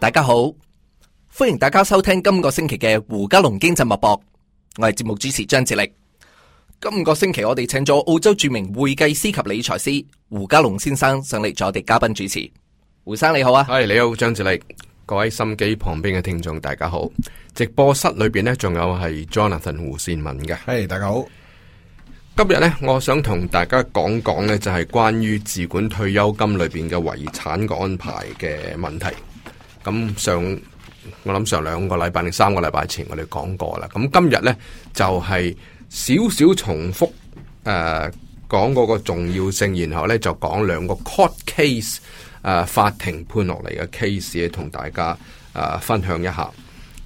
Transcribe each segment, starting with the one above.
大家好，歡迎大家收聽今個星期嘅胡嘉龍經濟脈搏，我係節目主持張智力。今個星期我哋請咗澳洲著名會計師及理財師胡嘉龍先生上嚟做我哋嘉賓主持。胡生你好啊，係，你好張智力，各位心機旁邊嘅聽眾大家好，直播室裏邊呢仲有係 Jonathan 胡善文嘅，係、hey, 大家好。今日呢，我想同大家講講呢就係、是、關於自管退休金裏邊嘅遺產安排嘅問題。咁上，我諗上兩個禮拜定三個禮拜前，我哋講過啦。咁今日呢，就係少少重複誒講嗰個重要性，然後呢，就講兩個 court case 誒、呃、法庭判落嚟嘅 case，同大家誒、呃、分享一下。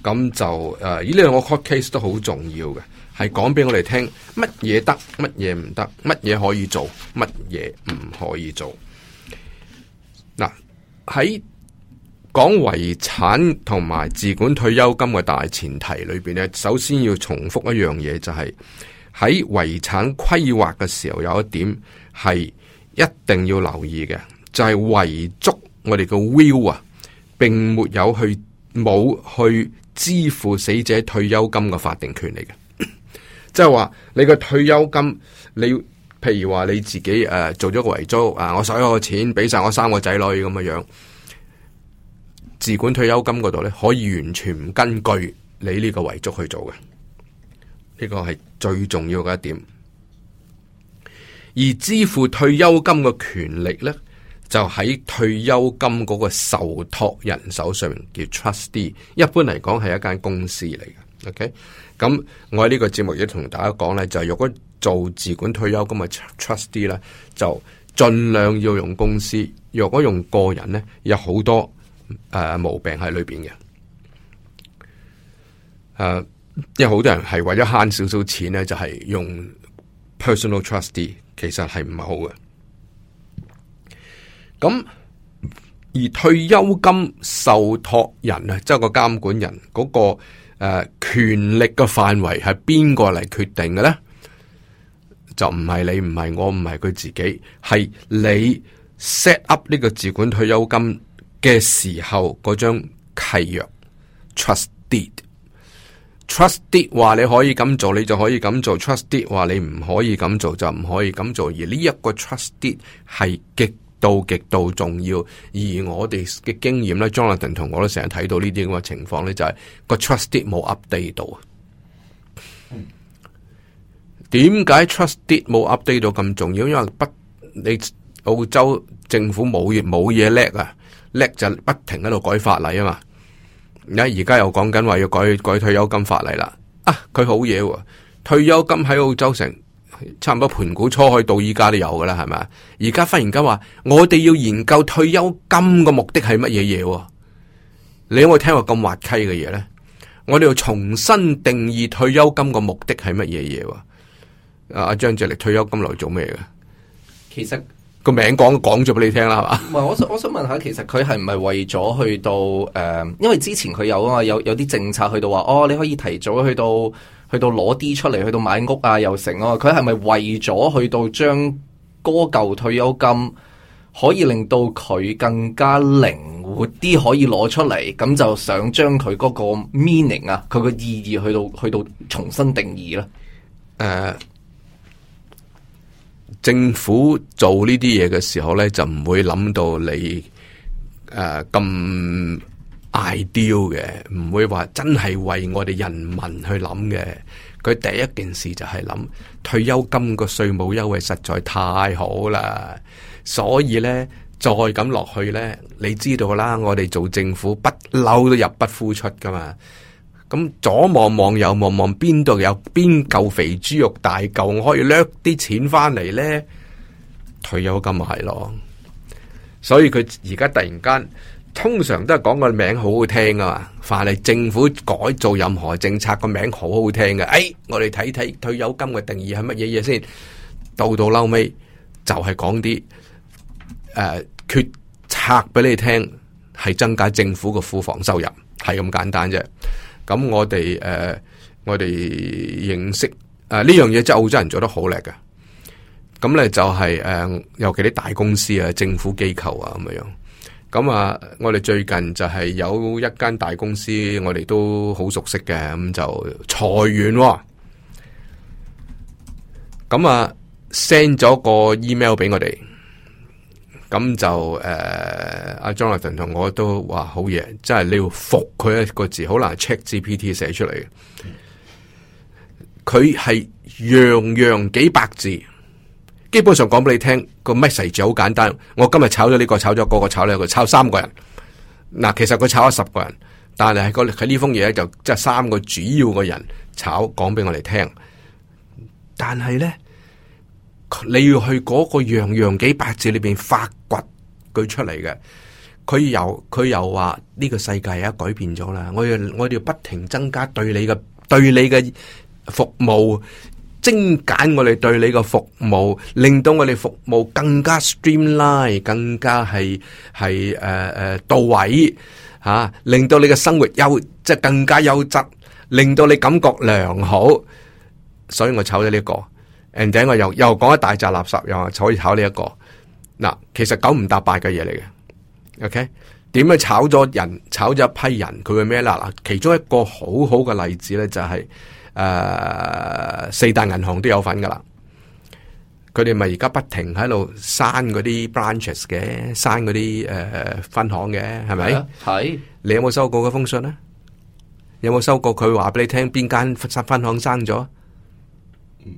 咁、嗯、就誒呢、呃、兩個 court case 都好重要嘅，係講俾我哋聽乜嘢得，乜嘢唔得，乜嘢可以做，乜嘢唔可以做。嗱、呃、喺講遺產同埋自管退休金嘅大前提裏邊咧，首先要重複一樣嘢，就是，就係喺遺產規劃嘅時候，有一點係一定要留意嘅，就係遺囑我哋個 will 啊，並沒有去冇去支付死者退休金嘅法定權利嘅，即係話你個退休金，你譬如話你自己誒、呃、做咗個遺囑啊，我使咗嘅錢俾晒我三個仔女咁嘅樣，樣。自管退休金嗰度咧，可以完全唔根據你呢個遺囑去做嘅。呢個係最重要嘅一點。而支付退休金嘅權力咧，就喺退休金嗰個受託人手上，叫 trustee。一般嚟講係一間公司嚟嘅。OK，咁我喺呢個節目亦都同大家講咧，就係、如果做自管退休金嘅 trustee 咧，就盡量要用公司。若果用個人咧，有好多。誒、呃，毛病喺裏邊嘅，誒、呃，即係好多人係為咗慳少少錢呢，就係、是、用 personal trustee，其實係唔好嘅。咁而退休金受託人咧，即、就、係、是、個監管人嗰、那個誒、呃、權力嘅範圍係邊個嚟決定嘅呢？就唔係你唔係我唔係佢自己，係你 set up 呢個自管退休金。嘅時候，嗰張契約 trust deed，trust deed 話你可以咁做，你就可以咁做；trust deed 話你唔可以咁做，就唔可以咁做。而呢一個 trust deed 係極度極度重要。而我哋嘅經驗呢 Jonathan 同我都成日睇到呢啲咁嘅情況呢，就係、是、個 trust deed 冇 update 到。點解、嗯、trust deed 冇 update 到咁重要？因為不你澳洲政府冇冇嘢叻啊。叻就不停喺度改法例啊嘛，而家而家又講緊話要改改退休金法例啦。啊，佢好嘢，退休金喺澳洲成差唔多盤古初開到依家都有噶啦，係咪？而家忽然間話我哋要研究退休金嘅目的係乜嘢嘢？你有冇聽過咁滑稽嘅嘢咧？我哋要重新定義退休金嘅目的係乜嘢嘢？阿張志力退休金嚟做咩嘅？其實。個名講講咗俾你聽啦，係嘛？唔係，我想我想問下，其實佢係唔係為咗去到誒、呃，因為之前佢有啊嘛，有有啲政策去到話，哦，你可以提早去到去到攞啲出嚟，去到買屋啊又成咯。佢係咪為咗去到將哥舊退休金可以令到佢更加靈活啲，可以攞出嚟，咁就想將佢嗰個 meaning 啊，佢個意義去到去到重新定義咧？誒。呃政府做呢啲嘢嘅時候呢，就唔會諗到你誒咁、呃、ideal 嘅，唔會話真係為我哋人民去諗嘅。佢第一件事就係諗退休金個稅務優惠實在太好啦，所以呢，再咁落去呢，你知道啦，我哋做政府不嬲都入不敷出噶嘛。咁左望望，右望望，邊度有邊嚿肥豬肉大嚿，我可以掠啲錢翻嚟呢？退休金係咯，所以佢而家突然間，通常都係講個名好好聽啊，凡係政府改造任何政策，個名好好聽嘅。哎，我哋睇睇退休金嘅定義係乜嘢嘢先，到到嬲尾就係講啲誒決策俾你聽，係增加政府嘅庫房收入，係咁簡單啫。咁我哋誒、啊，我哋認識誒呢、啊、樣嘢，即係澳洲人做得好叻㗎。咁咧就係、是、誒，尤其啲大公司啊、政府機構啊咁樣。咁啊，我哋最近就係有一間大公司，我哋都好熟悉嘅。咁就裁員、啊，咁啊 send 咗個 email 俾我哋。咁就誒，阿、uh, Jonathan 同我都話好嘢，即係你要服佢一個字，好難 check GPT 寫出嚟嘅。佢係、mm. 洋洋幾百字，基本上講俾你聽、那個 message，就好簡單。我今日炒咗呢、這個，炒咗個個炒呢個，炒三、那個、個人。嗱，其實佢炒咗十個人，但係喺個喺呢封嘢就即係三個主要嘅人炒，講俾我哋聽。但係咧。你要去個洋洋幾百字裏邊發掘佢出嚟嘅，佢又佢又話呢個世界而家改變咗啦，我要我哋要不停增加對你嘅對你嘅服務，精簡我哋對你嘅服務，令到我哋服務更加 streamline，更加係係誒誒到位吓、啊，令到你嘅生活優即係更加優質，令到你感覺良好，所以我炒咗呢個。ending 我又又講一大扎垃圾，又可以炒呢一個。嗱，其實九唔搭八嘅嘢嚟嘅，OK？點樣炒咗人，炒咗一批人，佢會咩啦？嗱，其中一個好好嘅例子咧，就係誒四大銀行都有份噶啦。佢哋咪而家不停喺度刪嗰啲 branches 嘅，刪嗰啲誒分行嘅，係咪？係。你有冇收過嗰封信呢？有冇收過佢話俾你聽邊間分分行生咗？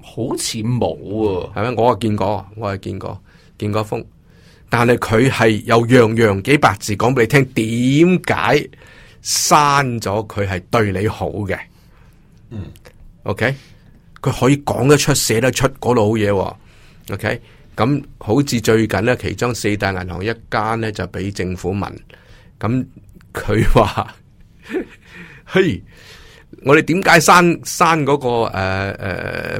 好似冇啊，係咪？我係見過，我係見過，見過封。但係佢係有洋洋幾百字講俾你聽，點解刪咗？佢係對你好嘅。嗯，OK，佢可以講得出，寫得出嗰度好嘢喎。OK，咁好似最近呢，其中四大銀行一間呢，就俾政府問，咁佢話，嘿。我哋點解刪刪嗰、那個誒誒、uh,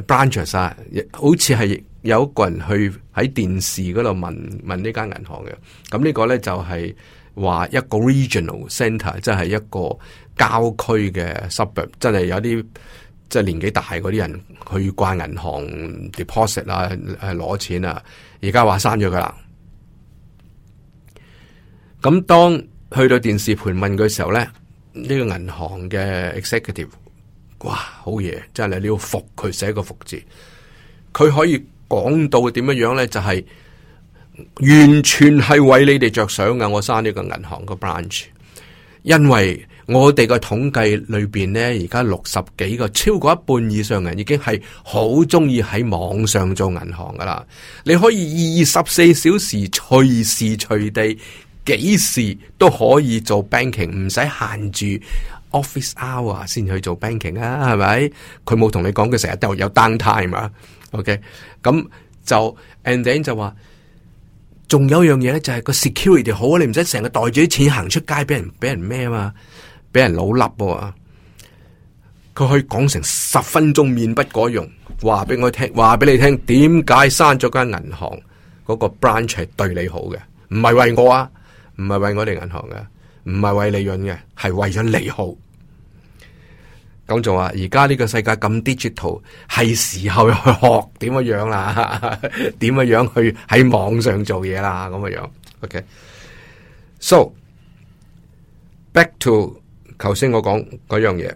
uh, branches 啊？好似係有一個人去喺電視嗰度問問呢間銀行嘅。咁、嗯這個、呢個咧就係、是、話一個 regional centre，即係一個郊區嘅 suburb，真係有啲即係年紀大嗰啲人去掛銀行 deposit 啊，誒、啊、攞錢啊。而家話刪咗㗎啦。咁、嗯、當去到電視盤問嘅時候咧。呢個銀行嘅 executive，哇，好嘢！真係你要服佢寫個服字，佢可以講到點樣樣呢，就係、是、完全係為你哋着想啊！我刪呢個銀行個 branch，因為我哋嘅統計裏邊呢，而家六十幾個，超過一半以上人已經係好中意喺網上做銀行噶啦。你可以二十四小時隨時隨地。幾時都可以做 banking，唔使限住 office hour 先去做 banking 啊？係咪？佢冇同你講佢成日都有 down time 啊？OK，咁就 and then 就話，仲有一樣嘢咧，就係個 security 好啊。你唔使成日袋住啲錢行出街，俾人俾人咩啊嘛，俾人老笠喎啊！佢可以講成十分鐘面不改容，話俾我聽，話俾你聽，點解刪咗間銀行嗰個 branch 係對你好嘅，唔係為我啊？唔係為我哋銀行嘅，唔係為利潤嘅，係為咗利好。咁仲話而家呢個世界咁 digital，係時候去學點樣啦，點樣樣去喺網上做嘢啦，咁樣。OK，so、okay. back to 頭先我講嗰樣嘢，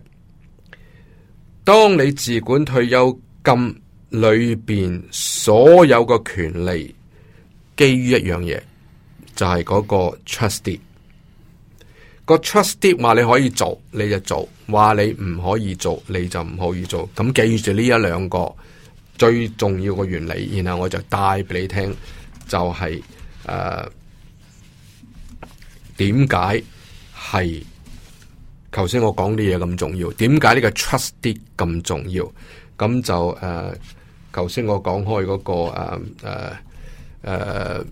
當你自管退休金裏邊所有嘅權利基於個，基於一樣嘢。就係嗰個 trusted，個 trusted 話你可以做你就做，話你唔可以做你就唔可以做。咁記住呢一兩個最重要嘅原理，然後我就帶俾你聽，就是，就係誒點解係頭先我講啲嘢咁重要？點解呢個 trusted 咁重要？咁就誒，頭、呃、先我講開嗰、那個誒誒誒。呃呃呃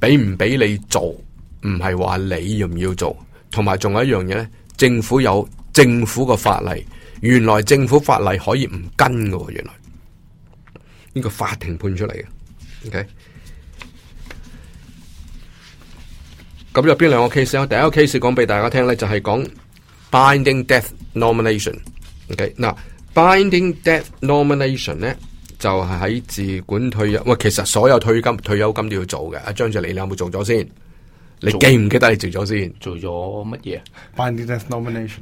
俾唔俾你做，唔係話你要唔要做，同埋仲有一樣嘢咧，政府有政府嘅法例，原來政府法例可以唔跟嘅，原來呢個法庭判出嚟嘅。OK，咁有邊兩個 case 咧？第一個 case 講俾大家聽呢，就係講 binding death nomination。OK，嗱，binding death nomination 呢。就係喺自管退休喂，其實所有退休退休金都要做嘅。阿張俊利，你有冇做咗先？你記唔記得你做咗先？做咗乜嘢？Binding nomination？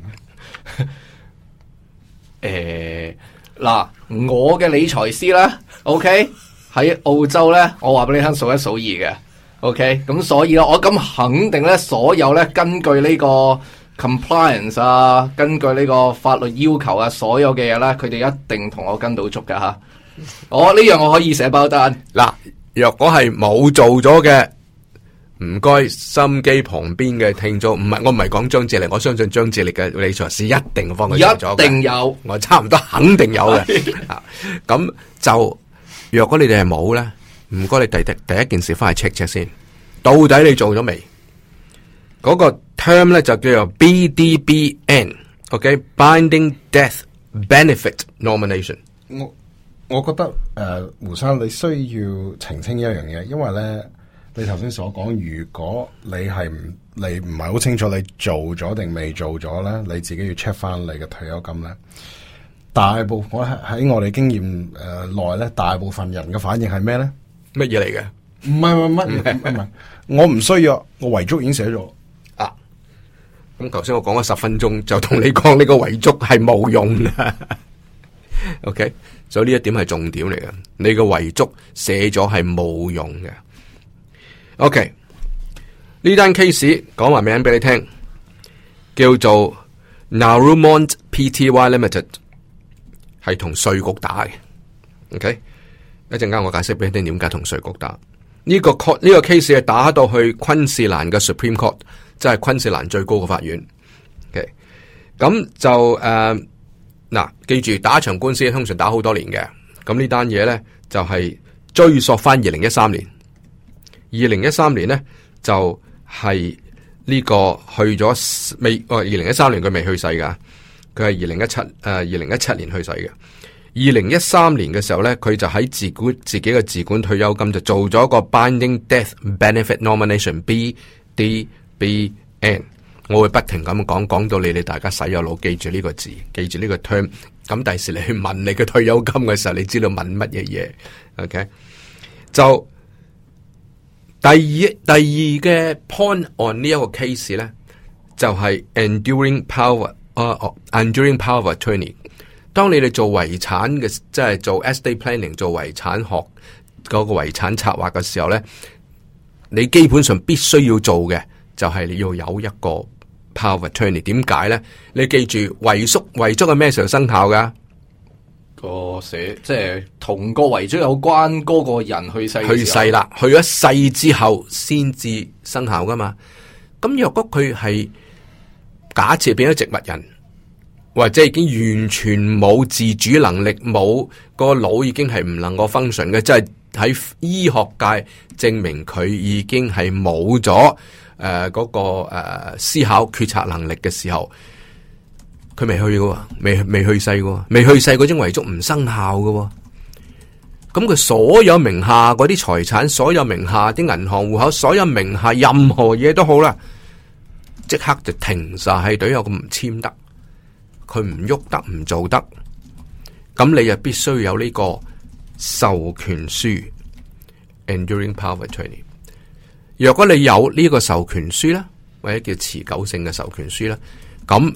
哎，嗱，我嘅理財師啦，OK，喺澳洲呢，我話俾你聽，數一數二嘅，OK，咁所以呢，我咁肯定呢，所有呢，根據呢個 compliance 啊，根據呢個法律要求啊，所有嘅嘢呢，佢哋一定同我跟到足嘅吓。我呢、哦、樣我可以寫包單嗱。若果係冇做咗嘅，唔該心機旁邊嘅聽眾，唔係我唔係講張智力，我相信張智力嘅理財師一定幫佢做咗，一定有，我差唔多肯定有嘅。咁、 啊、就若果你哋係冇咧，唔該你第第第一件事翻去 check check 先，到底你做咗未？嗰、那個 term 咧就叫做 BDBN，OK，Binding、okay? Death Benefit Nomination。我覺得誒、呃，胡生你需要澄清一樣嘢，因為咧你頭先所講，如果你係唔你唔係好清楚你做咗定未做咗咧，你自己要 check 翻你嘅退休金咧。大部我喺我哋經驗誒內咧，大部分人嘅反應係咩咧？乜嘢嚟嘅？唔係唔係乜唔係唔係，我唔需要，我遺囑已經寫咗啊。咁頭先我講咗十分鐘，就同你講呢個遺囑係冇用嘅。OK，所以呢一點係重點嚟嘅，你個遺囑寫咗係冇用嘅。OK，呢單 case 講埋名俾你聽，叫做 Narumont Pty Limited，係同稅局打嘅。OK，一陣間我解釋俾你點解同稅局打。呢個 case 呢個 case 係打到去昆士蘭嘅 Supreme Court，即係昆士蘭最高嘅法院。OK，咁就誒。嗱，記住打一場官司通常打好多年嘅，咁呢單嘢呢，就係追溯翻二零一三年。二零一三年呢，就係呢個去咗未？哦，二零一三年佢未去世噶，佢係二零一七誒二零一七年去世嘅。二零一三年嘅時候呢，佢就喺自管自己嘅自管退休金就做咗個 binding death benefit nomination BDBN。我會不停咁講，講到你哋大家洗咗腦，記住呢個字，記住呢個 term。咁第時你去問你嘅退休金嘅時候，你知道問乜嘢嘢？OK？就第二第二嘅 point on 呢一個 case 呢，就係、是、enduring power 啊、uh,，enduring、uh, power training。當你哋做遺產嘅，即係做 estate planning 做遺產學嗰個遺產策劃嘅時候呢，你基本上必須要做嘅，就係你要有一個。Power attorney 點解咧？你記住遺囑遺囑係咩時候生效噶個寫，即係同個遺囑有關嗰、嗰個人去世去世啦，去咗世之後先至生效噶嘛？咁、嗯、若果佢係假設變咗植物人，或者已經完全冇自主能力，冇、個腦已經係唔能夠 function 嘅，即係喺醫學界證明佢已經係冇咗。誒，嗰個誒思考決策能力嘅時候，佢未去噶，未未去世噶，未去世嗰種遺囑唔生效噶。咁佢所有名下嗰啲財產，所有名下啲銀行戶口，所有名下任何嘢都好啦，即刻就停晒喺隊，有咁唔簽得，佢唔喐得，唔做得，咁你又必須有呢個授權書，enduring power training。若果你有呢個授權書咧，或者叫持久性嘅授權書咧，咁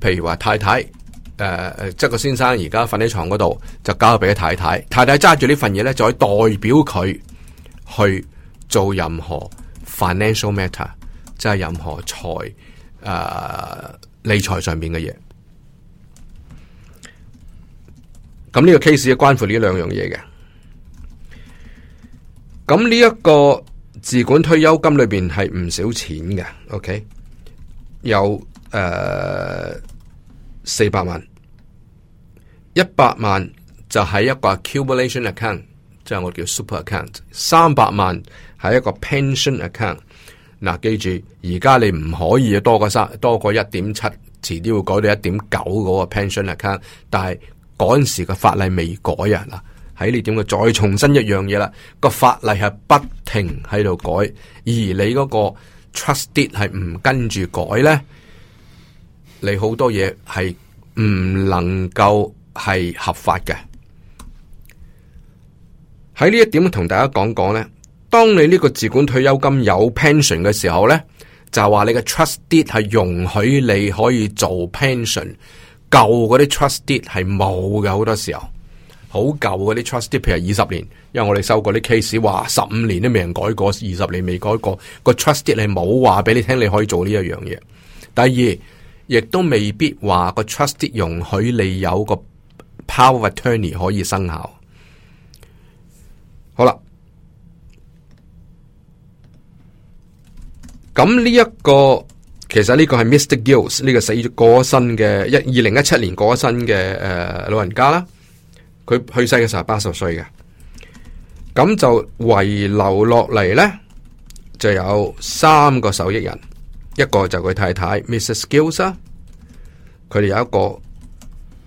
譬如話太太誒、呃，即個先生而家瞓喺床嗰度，就交俾太太。太太揸住呢份嘢咧，就可以代表佢去做任何 financial matter，即係任何財誒、呃、理財上面嘅嘢。咁呢個 case 關乎呢兩樣嘢嘅。咁呢一個。自管退休金裏邊係唔少錢嘅，OK，有誒四百萬，一百萬就係一個 accumulation account，即係我哋叫 super account，三百萬係一個 pension account，啊。嗱，記住而家你唔可以多過三，多過一點七，遲啲會改到一點九嗰個 pension account，但係嗰陣時嘅法例未改啊。喺你點嘅，再重申一樣嘢啦，個法例係不停喺度改，而你嗰個 trust deed 係唔跟住改呢？你好多嘢係唔能夠係合法嘅。喺呢一點同大家講講呢：當你呢個自管退休金有 pension 嘅時候呢，就話你嘅 trust deed 係容許你可以做 pension，舊嗰啲 trust deed 係冇嘅好多時候。好舊嗰啲 trusted，譬如二十年，因為我哋收過啲 case，話十五年都未人改過，二十年未改過，個 trusted 係冇話俾你聽，你可以做呢一樣嘢。第二，亦都未必話個 trusted 容許你有個 power of attorney 可以生效。好啦，咁呢一個其實呢個係 Mr. Gills 呢個死過身嘅一二零一七年過身嘅誒、呃、老人家啦。佢去世嘅時候係八十歲嘅，咁就遺留落嚟咧就有三個受益人，一個就佢太太 Mrs. Gils 啊，佢哋有一個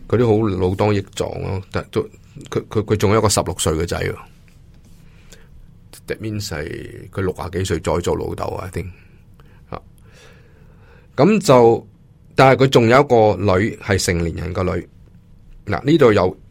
佢都好老當益壯咯，但係佢佢佢仲有一個十六歲嘅仔，即係佢六廿幾歲再做老豆啊，定啊咁就，但係佢仲有一個女係成年人個女嗱，呢度有。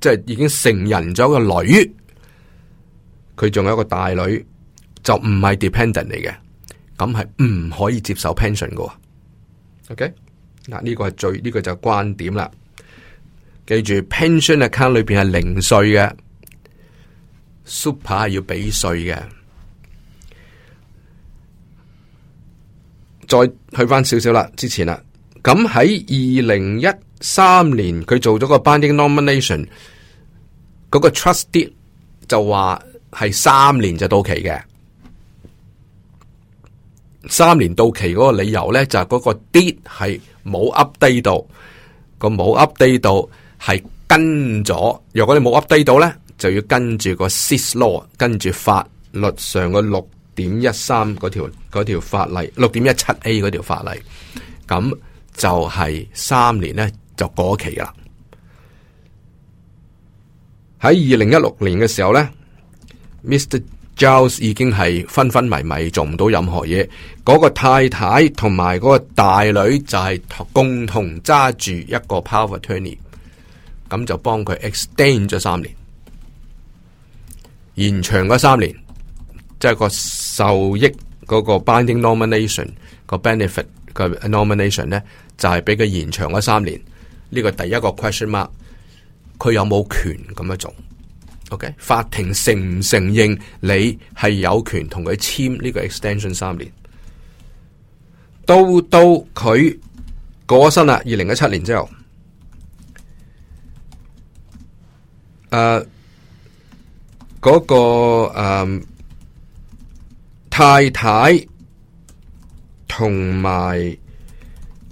即係已經成人咗個女，佢仲有一個大女，就唔係 dependent 嚟嘅，咁係唔可以接受 pension 嘅。OK，嗱呢個係最呢、這個就係觀點啦。記住 pension account 裏邊係零稅嘅，super 係要俾稅嘅。再去翻少少啦，之前啦，咁喺二零一。三年佢做咗個 binding nomination，嗰個 trust deed 就話係三年就到期嘅。三年到期嗰個理由咧，就係、是、嗰個 deed 係冇 update 到，個冇 update 到係跟咗。如果你冇 update 到咧，就要跟住個 Cis Law，跟住法律上嘅六點一三嗰條條法例，六點一七 A 嗰條法例，咁就係三年咧。就過期啦！喺二零一六年嘅時候呢 Mr. Jones 已經係昏昏迷迷做唔到任何嘢，嗰、那個太太同埋嗰個大女就係共同揸住一個 Power Attorney，咁就幫佢 extend 咗三年，延長嗰三年，即、就、係、是、個受益嗰個 Binding Nomination 個 Benefit 嘅 Nomination 呢，就係俾佢延長嗰三年。呢個第一個 question mark，佢有冇權咁樣做？OK，法庭承唔承認你係有權同佢簽呢個 extension 三年？都都佢過身啦，二零一七年之後，誒、呃，嗰個誒、呃、太太同埋。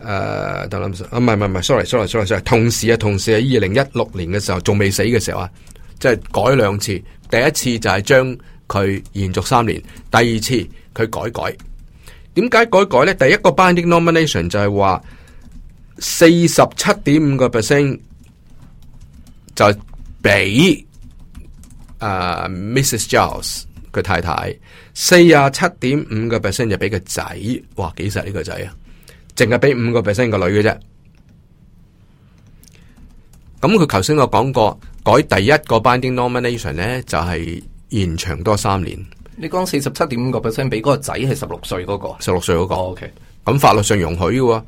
誒，得啦唔使，啊唔係唔係唔係，sorry sorry sorry sorry，同時啊，同時啊，二零一六年嘅時候仲未死嘅時候啊，即係改兩次，第一次就係將佢延續三年，第二次佢改改，點解改改咧？第一個 binding nomination 就係話四十七點五個 percent 就俾誒、uh, Mrs. Giles 佢太太，四啊七點五個 percent 就俾個仔，哇幾實呢個仔啊！淨係俾五個 percent 個女嘅啫，咁佢頭先我講過，改第一個 binding nomination 咧就係延長多三年你。你講四十七點五個 percent 俾嗰個仔係十六歲嗰個，十六歲嗰個。O K，咁法律上容許嘅，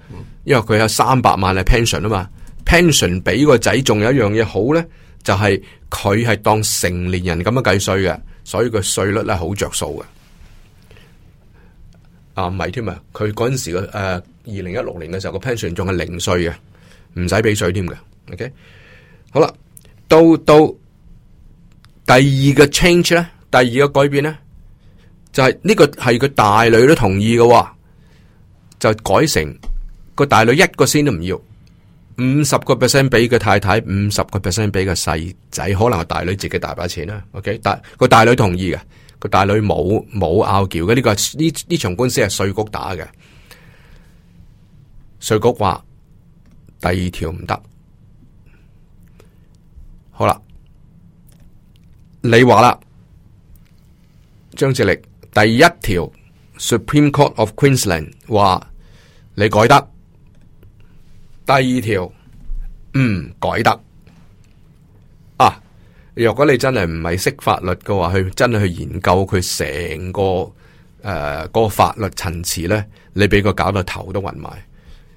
因為佢有三百萬係 pension 啊嘛，pension 俾個仔，仲有一樣嘢好咧，就係佢係當成年人咁樣計稅嘅，所以個稅率咧好着數嘅。啊唔係添啊，佢嗰陣時嘅誒。呃二零一六年嘅時候，個 pension 仲係零稅嘅，唔使俾稅添嘅。OK，好啦，到到第二個 change 咧，第二個改變咧，就係、是、呢個係個大女都同意嘅，就改成個大女一個先都唔要，五十個 percent 俾個太太，五十個 percent 俾個細仔，可能個大女自己大把錢啦。OK，但、那個大女同意嘅，那個大女冇冇拗撬嘅，呢個呢，呢場官司係稅局打嘅。稅局話第二條唔得，好啦，你話啦，張志力第一條 Supreme Court of Queensland 話你改得，第二條唔、嗯、改得啊！若果你真係唔係識法律嘅話，去真係去研究佢成個誒、呃嗰個法律層次咧，你俾佢搞到頭都暈埋。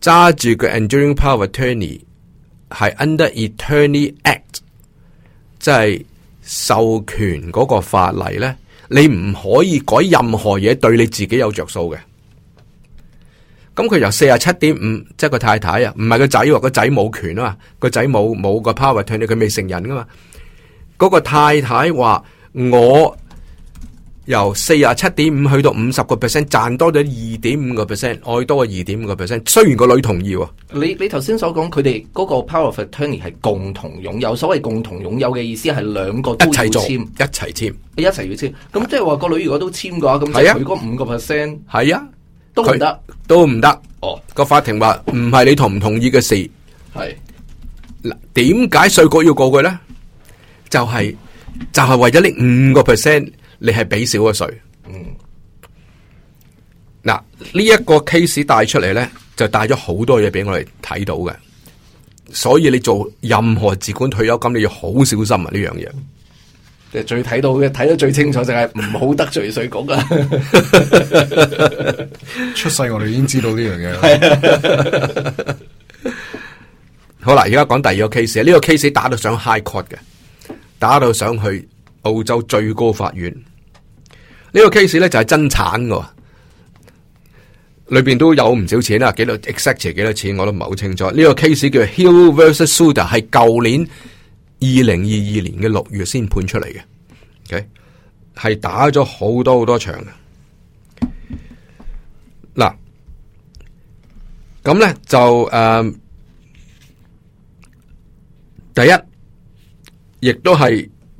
揸住個 enduring power attorney 係 under attorney、e、act，即係授權嗰個法例咧，你唔可以改任何嘢對你自己有着數嘅。咁佢由四啊七點五，即係、個太太啊，唔係個仔，個仔冇權啊嘛，個仔冇冇個 power attorney，佢未成人噶嘛。嗰個太太話我。由四十七點五去到五十個 percent，賺多咗二點五個 percent，愛多過二點五個 percent。雖然個女同意喎、哦，你你頭先所講佢哋嗰個 power of attorney 係共同擁有，所謂共同擁有嘅意思係兩個一齊做，一齊簽，一齊要簽。咁即係話個女如果都簽嘅話，咁就佢嗰五個 percent 係啊，都唔得、哦，都唔得。哦，個法庭話唔係你同唔同意嘅事，係點解稅局要過佢咧？就係、是、就係、是、為咗呢五個 percent。你係俾少個稅，嗯，嗱呢一個 case 帶出嚟，咧，就帶咗好多嘢俾我哋睇到嘅。所以你做任何自管退休金，你要好小心啊，呢樣嘢。誒，嗯，最睇到嘅睇得最清楚就係唔好得罪稅局啊！ 出世我哋已經知道呢樣嘢。係 好啦，而家講第二個 case，呢個 case 打到上 high court 嘅，打到上去澳洲最高法院。呢個 case 咧就係、是、真慘嘅，裏邊都有唔少錢啦，幾多 exactly, 幾多錢我都唔係好清楚。呢、這個 case 叫 Hill vs Souter 係舊年二零二二年嘅六月先判出嚟嘅，OK，係打咗好多好多場嘅。嗱，咁咧就誒、呃，第一，亦都係。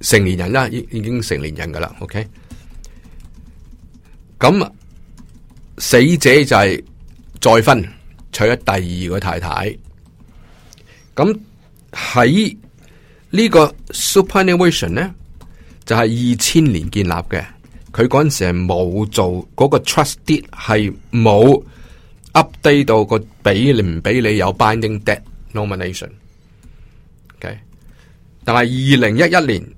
成年人啦，已已經成年人噶啦，OK。咁死者就係再婚娶咗第二個太太。咁喺呢個 superannuation 咧，就係二千年建立嘅。佢陣時係冇做、嗰個 trusted，係冇 update 到個俾唔俾你有 binding death nomination。OK，但係二零一一年。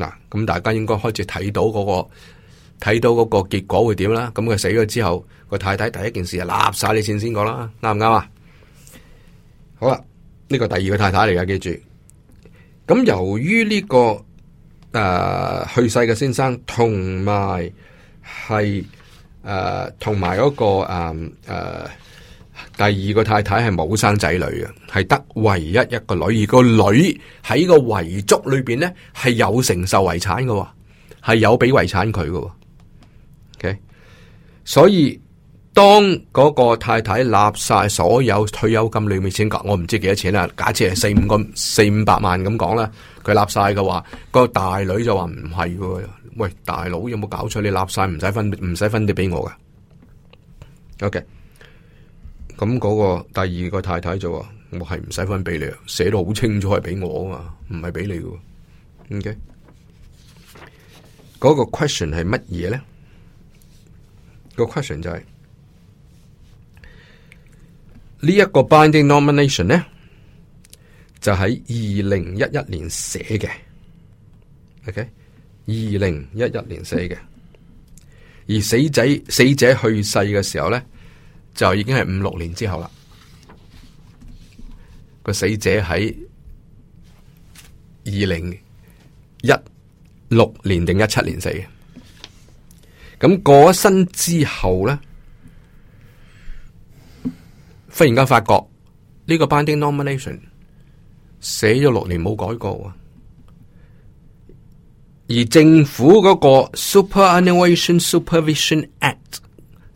嗱，咁大家應該開始睇到嗰、嗰個睇到個結果會點啦，咁佢死咗之後，個太太第一件事係攬晒啲錢先講啦，啱唔啱啊？好啦，呢個第二個太太嚟㗎，記住，咁由於呢、呢個誒、呃、去世嘅先生同埋係誒同埋嗰個誒誒。呃呃第二個太太係冇生仔女嘅，係得唯一一個女，而個女喺個遺囑裏邊呢，係有承受遺產嘅，係有俾遺產佢嘅。ok，所以當嗰個太太立晒所有退休金裏面錢，我唔知幾多錢啦，假設係四五個四五百萬咁講啦，佢立晒嘅話，個大女就話唔係，喂大佬有冇搞錯？你立晒唔使分，唔使分你俾我噶。ok。咁嗰個第二個太太就話：我係唔使分畀你啊，寫得好清楚係畀我啊嘛，唔係畀你嘅。O K，嗰個 question 係乜嘢咧？那個 question 就係、是這個、呢一個 binding nomination 咧，就喺二零一一年寫嘅。O K，二零一一年寫嘅，而死者死者去世嘅時候咧，就已經係五六年之後啦，個死者喺二零一六年定一七年死嘅，咁過咗身之後咧，忽然間發覺呢個 binding nomination 寫咗六年冇改過啊，而政府嗰個 Superannuation Supervision Act。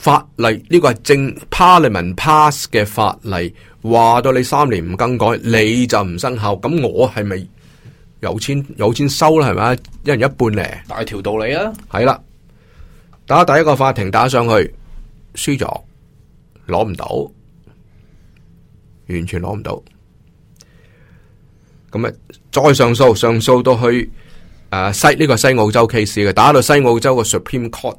法例呢，這個係正 Parliament pass 嘅法例，話到你三年唔更改，你就唔生效。咁我係咪有錢有錢收啦？係咪一人一半咧，大條道理啊！係啦，打第一個法庭打上去，輸咗，攞唔到，完全攞唔到。咁啊，再上訴，上訴到去誒西呢個西澳洲 case 嘅，打到西澳洲個 Supreme Court。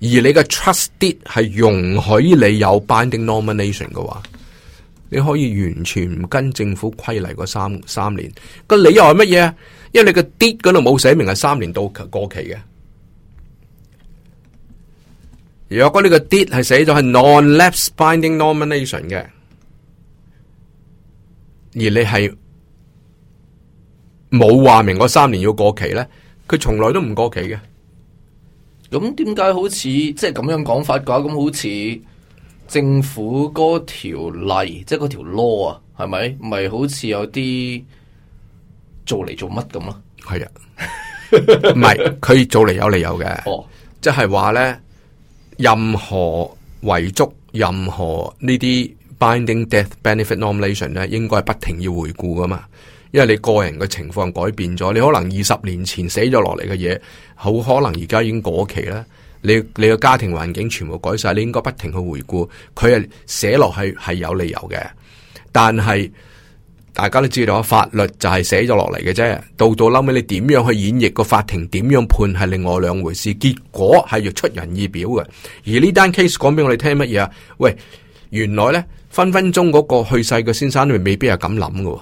而你嘅 trust deed 係容許你有 binding nomination 嘅話，你可以完全唔跟政府規例嗰三三年。那個理由係乜嘢啊？因為你個 deed 嗰度冇寫明係三年到過期嘅。若果你個 deed 係寫咗係 non-laps binding nomination 嘅，而你係冇話明嗰三年要過期咧，佢從來都唔過期嘅。咁點解好似即係咁樣講法嘅話，咁好似政府嗰條例，即係嗰條 law 做做是啊，係 咪？唔係好似有啲做嚟做乜咁咯？係啊，唔係佢做嚟有理由嘅。哦，即係話咧，任何遺囑，任何呢啲 binding death benefit nomination 咧，應該係不停要回顧噶嘛。因為你個人嘅情況改變咗，你可能二十年前寫咗落嚟嘅嘢，好可能而家已經過期啦。你你嘅家庭環境全部改晒，你應該不停去回顧佢係寫落去係有理由嘅。但係大家都知道，法律就係寫咗落嚟嘅啫。到到後尾你點樣去演繹個法庭，點樣判係另外兩回事。結果係要出人意表嘅。而呢單 case 講俾我哋聽乜嘢啊？喂，原來呢，分分鐘嗰個去世嘅先生，未必係咁諗㗎。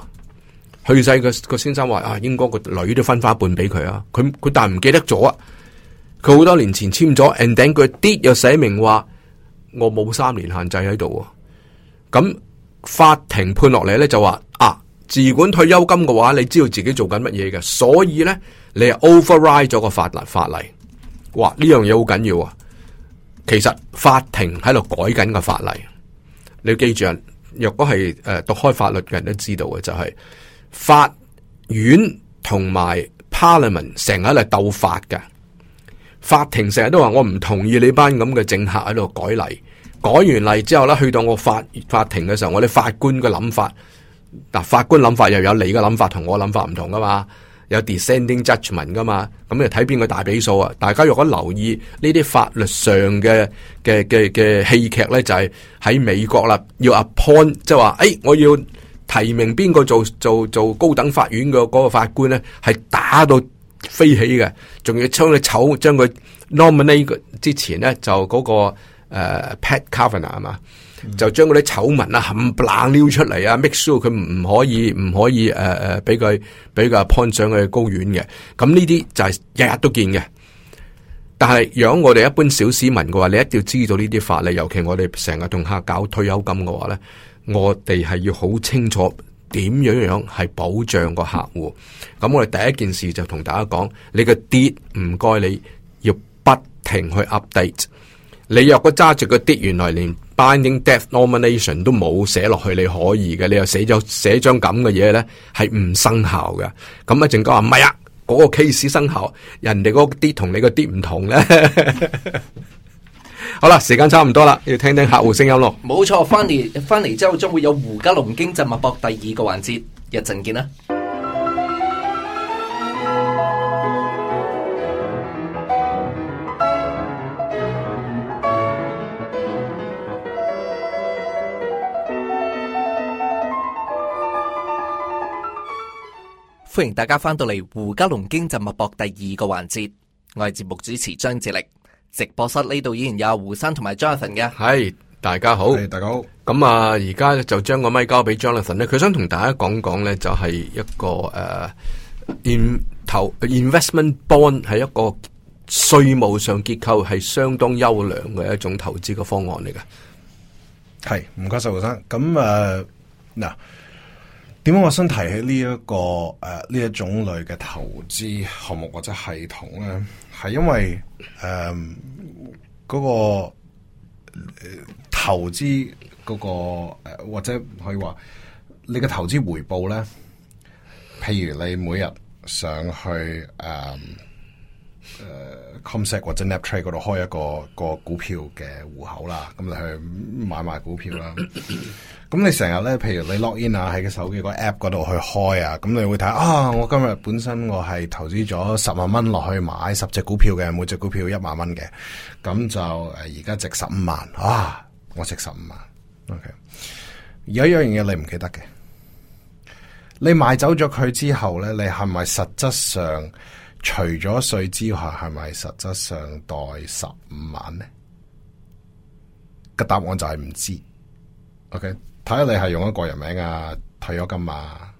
去世個個先生話啊，應該個女都分返半俾佢啊，佢佢但係唔記得咗啊，佢好多年前簽咗 and then 佢啲又寫明話我冇三年限制喺度，咁法庭判落嚟咧就話啊，自管退休金嘅話，你知道自己做緊乜嘢嘅，所以咧你係 override 咗個法律法例，哇呢樣嘢好緊要啊，其實法庭喺度改緊個法例，你要記住啊，若果係誒、呃、讀開法律嘅人都知道嘅就係、是。法院同埋 Parliament 成日喺度鬥法嘅，法庭成日都話我唔同意你班咁嘅政客喺度改例，改完例之後咧，去到我法法庭嘅時候，我啲法官嘅諗法，嗱法官諗法又有你嘅諗法，我法同我嘅諗法唔同噶嘛，有 dissenting judgment 噶嘛，咁你睇邊個大比數啊，大家若果留意呢啲法律上嘅嘅嘅嘅戲劇咧，就係、是、喺美國啦，要 appoint，即係話，誒、哎、我要。提名邊個做做做高等法院嘅嗰個法官咧，係打到飛起嘅，仲要將佢醜將佢 nominate 之前咧，就嗰、嗰個誒、呃、Pat Kavanaugh 係嘛，嗯、就將嗰啲醜聞啊冚唪唥撩出嚟啊，make sure 佢唔可以唔可以誒誒俾佢俾佢判上去高院嘅，咁呢啲就係日日都見嘅。但係如果我哋一般小市民嘅話，你一定要知道呢啲法例，尤其我哋成日同客搞退休金嘅話咧。我哋係要好清楚點樣樣係保障個客戶。咁、嗯、我哋第一件事就同大家講，你個啲唔該你要不停去 update。你若果揸住個啲，原來連 binding death nomination 都冇寫落去，你可以嘅，你又寫咗寫張咁嘅嘢咧，係唔生效嘅。咁啊，正哥話唔係啊，嗰個 case 生效，人哋嗰個啲同你個啲唔同咧。好啦，時間差唔多啦，要聽聽客戶聲音咯。冇錯，翻嚟翻嚟之後，將會有胡嘉龍經濟脈搏第二個環節，一陣見啦。歡迎大家翻到嚟胡嘉龍經濟脈搏第二個環節，我係節目主持張智力。直播室呢度依然有胡生同埋 Jonathan 嘅，係、hey, 大家好， 啊、大家好。咁啊，而家就將個麥交俾 Jonathan 咧，佢想同大家講講呢，就係一個誒，投 investment bond 係一個稅務上結構係相當優良嘅一種投資嘅方案嚟㗎，係唔該晒 胡生。咁誒，嗱、呃。呃點解我想提起呢、這、一個誒呢、呃、一種類嘅投資項目或者系統咧，係因為誒嗰、呃那個、呃、投資嗰、那個誒、呃、或者可以話你嘅投資回報咧，譬如你每日上去誒。呃誒 CommSec 或者 nabtrade 嗰度開一個個股票嘅戶口啦，咁你去買埋股票啦。咁 你成日咧，譬如你 login 啊，喺個手機個 app 嗰度去開啊，咁你會睇啊，我今日本身我係投資咗十萬蚊落去買十隻股票嘅，每隻股票一萬蚊嘅，咁就誒而家值十五萬啊，我值十五萬。OK，有一樣嘢你唔記得嘅，你賣走咗佢之後咧，你係咪實質上？除咗稅之外，係咪實質上代十五萬呢？個答案就係唔知。OK，睇下你係用一個人名啊、退休金啊、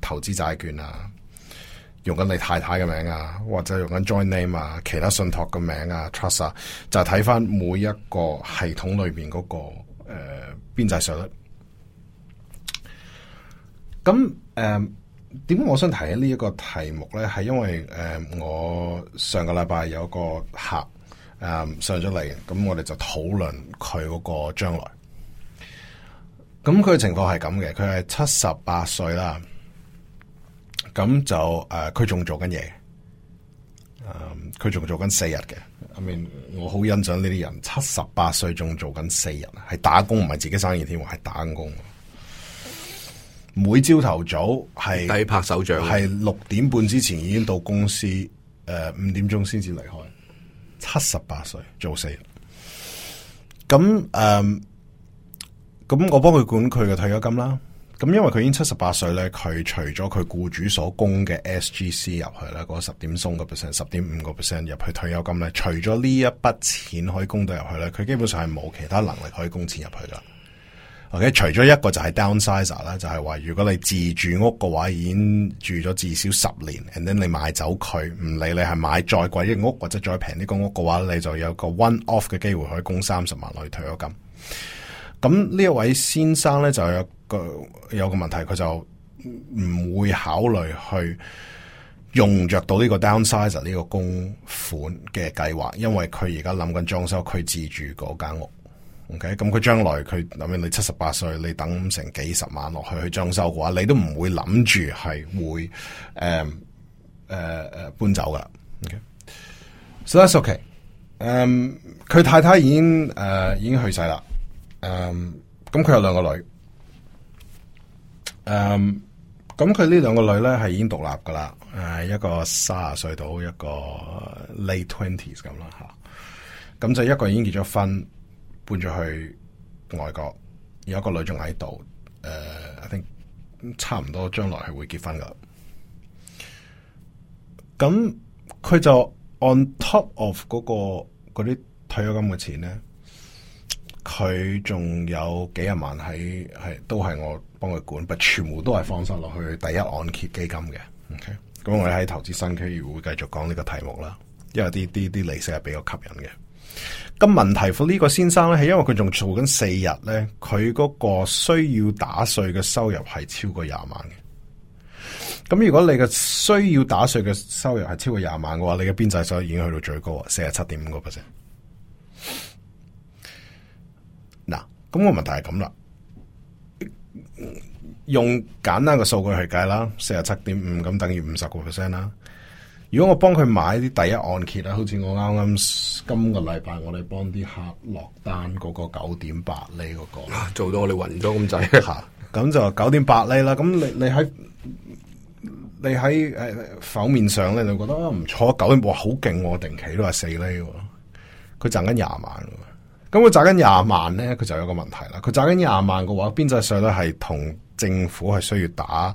投資債券啊、用緊你太太嘅名啊，或者用緊 joint name 啊、其他信託嘅名啊、trust 啊就係睇翻每一個系統裏邊嗰、那個誒邊際稅率。咁誒、嗯。嗯點解我想提呢一個題目呢？係因為誒、呃，我上個禮拜有個客誒、呃、上咗嚟，咁我哋就討論佢嗰個將來。咁佢嘅情況係咁嘅，佢係七十八歲啦。咁就誒，佢仲做緊嘢。佢仲做緊四日嘅。我、呃、I mean，我好欣賞呢啲人，七十八歲仲做緊四日，係打工唔係自己生意添，話係打工。每朝頭早係低拍手掌，係六點半之前已經到公司，誒五、 呃、點鐘先至離開。七十八歲早死，咁誒、咁、呃、我幫佢管佢嘅退休金啦。咁因為佢已經七十八歲咧，佢除咗佢僱主所供嘅 S G C 入去咧，嗰十點鬆個 percent，十點五個 percent 入去退休金咧，除咗呢一筆錢可以供到入去咧，佢基本上係冇其他能力可以供錢入去噶。Okay, 除咗一個就係 downsizer 啦，就係話如果你自住屋嘅話，已經住咗至少十年，and then 你買走佢，唔理你係買再貴啲屋或者再平啲公屋嘅話，你就有個 one off 嘅機會可以供三十萬內退休金。咁呢一位先生咧就有個有個問題，佢就唔會考慮去用着到呢個 downsizer 呢個供款嘅計劃，因為佢而家諗緊裝修佢自住嗰間屋。OK，咁佢將來佢諗緊你七十八歲，你等成幾十萬落去去裝修嘅話，你都唔會諗住係會誒誒誒搬走噶。OK，so that’s OK,、so that okay. 呃。嗯，佢太太已經誒、呃、已經去世啦。嗯、呃，咁佢有兩個女。嗯、呃，咁佢呢兩個女咧係已經獨立噶啦。誒、呃，一個卅歲到一個 late twenties 咁啦吓。咁、啊、就一個已經結咗婚。搬咗去外國，有一個女仲喺度，誒、uh，I think 差唔多將來係會結婚噶。咁佢就 on top of 嗰個嗰啲退休金嘅錢咧，佢仲有幾廿萬喺係都係我幫佢管，但全部都係放晒落去第一按揭基金嘅。OK，咁我哋喺投資新區會繼續講呢個題目啦，因為啲啲啲利息係比較吸引嘅。咁問題乎呢個先生咧，係因為佢仲做緊四日咧，佢嗰個需要打稅嘅收入係超過廿萬嘅。咁如果你嘅需要打稅嘅收入係超過廿萬嘅話，你嘅邊際收入已經去到最高四十七點五個 percent。嗱，咁、那個問題係咁啦，用簡單嘅數據去計啦，四十七點五咁等於五十個 percent 啦。如果我幫佢買啲第一按揭咧，好似我啱啱今個禮拜我哋幫啲客落單嗰個九點八厘嗰、嗰個，做到 你暈咗咁滯吓，咁就九點八厘啦。咁你你喺你喺誒浮面上咧，就覺得唔、啊、錯。九點八好勁，定期都係四厘，佢賺緊廿萬。咁佢賺緊廿萬咧，佢就有一個問題啦。佢賺緊廿萬嘅話，邊際稅咧係同政府係需要打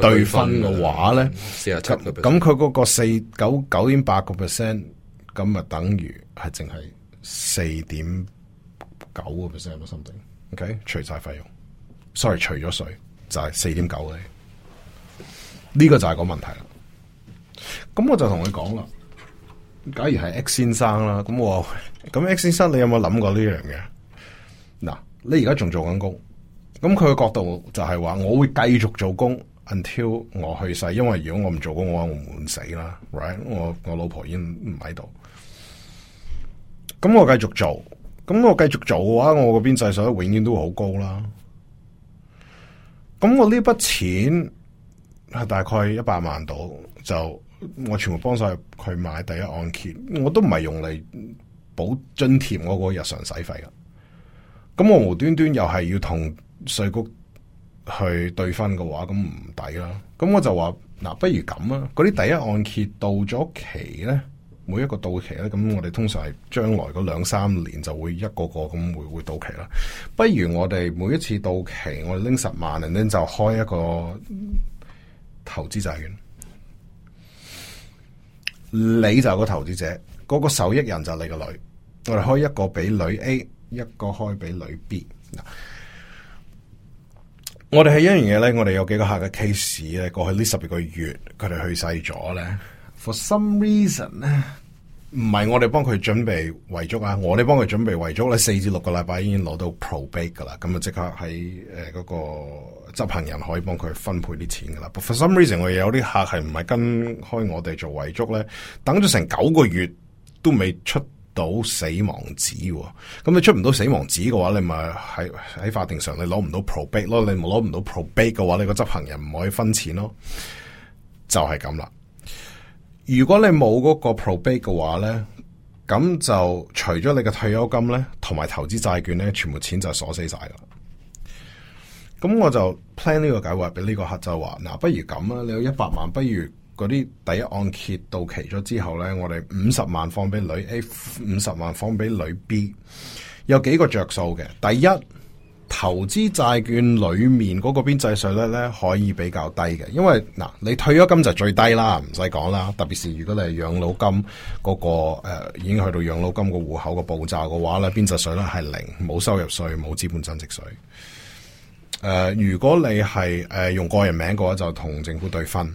對分嘅話咧，四十七，咁咁佢嗰個四九九點八個 percent，咁啊等於係淨係四點九個 percent 咯心定 OK，除晒費用，sorry，除咗稅就係四點九嘅。呢、這個就係個問題啦。咁我就同佢講啦。假如係 X 先生啦，咁我咁 X 先生，先生你有冇諗過呢樣嘢？嗱，你而家仲做緊工，咁佢嘅角度就係話我會繼續做工，until 我去世，因為如果我唔做工，我會死啦。Right，我我老婆已經唔喺度，咁我繼續做，咁我繼續做嘅話，我嗰邊際稅率永遠都會好高啦。咁我呢筆錢係大概一百萬到就。我全部幫晒佢買第一按揭，我都唔係用嚟補津貼我個日常使費噶。咁我無端端又係要同稅局去對分嘅話，咁唔抵啦。咁我就話嗱，不如咁啊，嗰啲第一按揭到咗期咧，每一個到期咧，咁我哋通常係將來嗰兩三年就會一個個咁會會到期啦。不如我哋每一次到期，我哋拎十萬，呢就開一個投資債券。你就係個投資者，嗰、那個受益人就係你個女，我哋開一個俾女 A，一個開俾女 B。嗱 我哋係一樣嘢咧，我哋有幾個客嘅 case 咧，過去呢十二個月佢哋去世咗咧 ，for some reason 咧。唔係我哋幫佢準備遺囑啊！我哋幫佢準備遺囑咧，四至六個禮拜已經攞到 probate 噶啦，咁啊即刻喺誒嗰個執行人可以幫佢分配啲錢噶啦。But for some reason，我有啲客係唔係跟開我哋做遺囑咧，等咗成九個月都未出到死亡紙，哦，咁你出唔到死亡紙嘅話，你咪喺喺法庭上你攞唔到 probate 咯，你攞唔到 probate 嘅話，你個執行人唔可以分錢咯，就係咁啦。如果你冇嗰個 probate 嘅話咧，咁就除咗你嘅退休金咧，同埋投資債券咧，全部錢就鎖死晒啦。咁我就 plan 呢個計劃俾呢個客就話，嗱，啊，不如咁啊，你有一百萬，不如嗰啲第一按揭到期咗之後咧，我哋五十萬放俾女 A，五十萬放俾女 B，有幾個着數嘅？第一。投資債券裏面嗰個邊際稅率咧，可以比較低嘅，因為嗱，你退咗金就最低啦，唔使講啦。特別是如果你係養老金嗰、那個已經去到養老金個戶口個步驟嘅話咧，邊際稅率係零，冇收入稅，冇資本增值稅。誒、呃，如果你係誒、呃、用個人名嘅話，就同政府對分